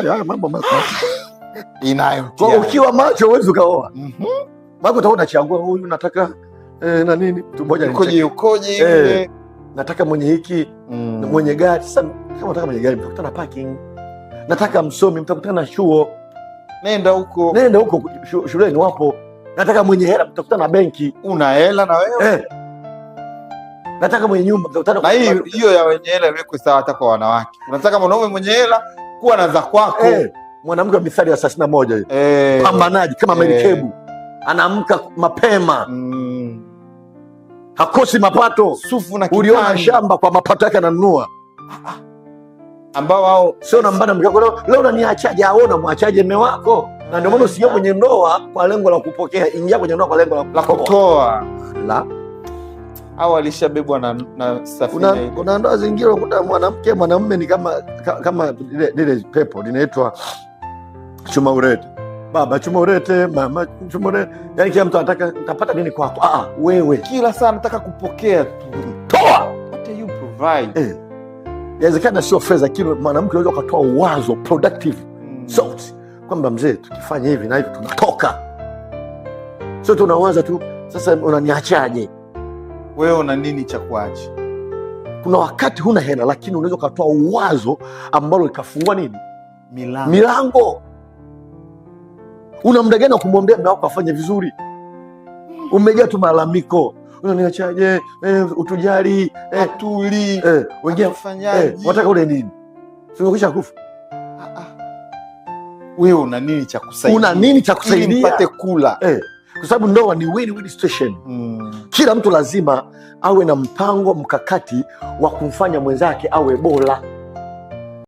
hayo hayo mambo inayo. Kwa ukiwa macho huwezi ukaoa. Mhm. Maana utaona changua huyu nataka eh, na nini? Mtu mmoja ukoje ukoje eh, nataka mwenye hiki mm. mwenye gari. Sasa kama nataka mwenye gari mtakutana parking. Nataka msomi mtakutana na chuo. Nenda huko. Nenda huko shuleni wapo. Nataka mwenye hela mtakutana na benki. Una hela na wewe? Eh. Nataka mwenye nyumba mtakutana hiyo ya wenye hela iwekwe sawa hata kwa wanawake. Unataka mwanaume mwenye hela kuwa na za kwako eh, Mwanamke wa mithali ya thelathini na moja eh, Pambanaji kama merikebu eh. anaamka mapema mm. hakosi mapato. Uliona shamba kwa mapato yake ananunua ambao wao sio nambana mke wako leo unaniachaje? Au unamwachaje mume wako? Na ndio maana usiingia ah. kwenye ndoa kwa lengo la kupokea, ingia kwenye ndoa kwa lengo la kutoa la au alishabebwa na, na safina kuna, ndoa zingine kuta mwanamke mwanamume ni kama kama lile pepo linaitwa chuma urete baba chuma urete mama chuma urete yani kila mtu anataka nitapata nini kwako ah, ah wewe kila saa nataka kupokea tu toa what you provide eh. Inawezekana sio fedha, kile mwanamke unaweza ukatoa wazo productive mm. sauti kwamba mzee, tukifanya hivi na hivi tunatoka, sio tunawaza tu, sasa unaniachaje? wewe una nini cha kuacha? Kuna wakati huna hela, lakini unaweza ukatoa uwazo ambalo ikafungua nini milango, milango. Una muda gani wa kumwombea mme wako afanye vizuri? Umejaa tu malalamiko, unaniachaje? Eh, utujali eh, tuli eh, wengine eh, wataka ule nini? Simekwisha kufa ah, ah. wewe, una nini cha kusaidia? Una nini cha kusaidia mpate kula eh? kwa sababu ndoa ni win-win situation mm. Kila mtu lazima awe na mpango mkakati wa kumfanya mwenzake awe bora.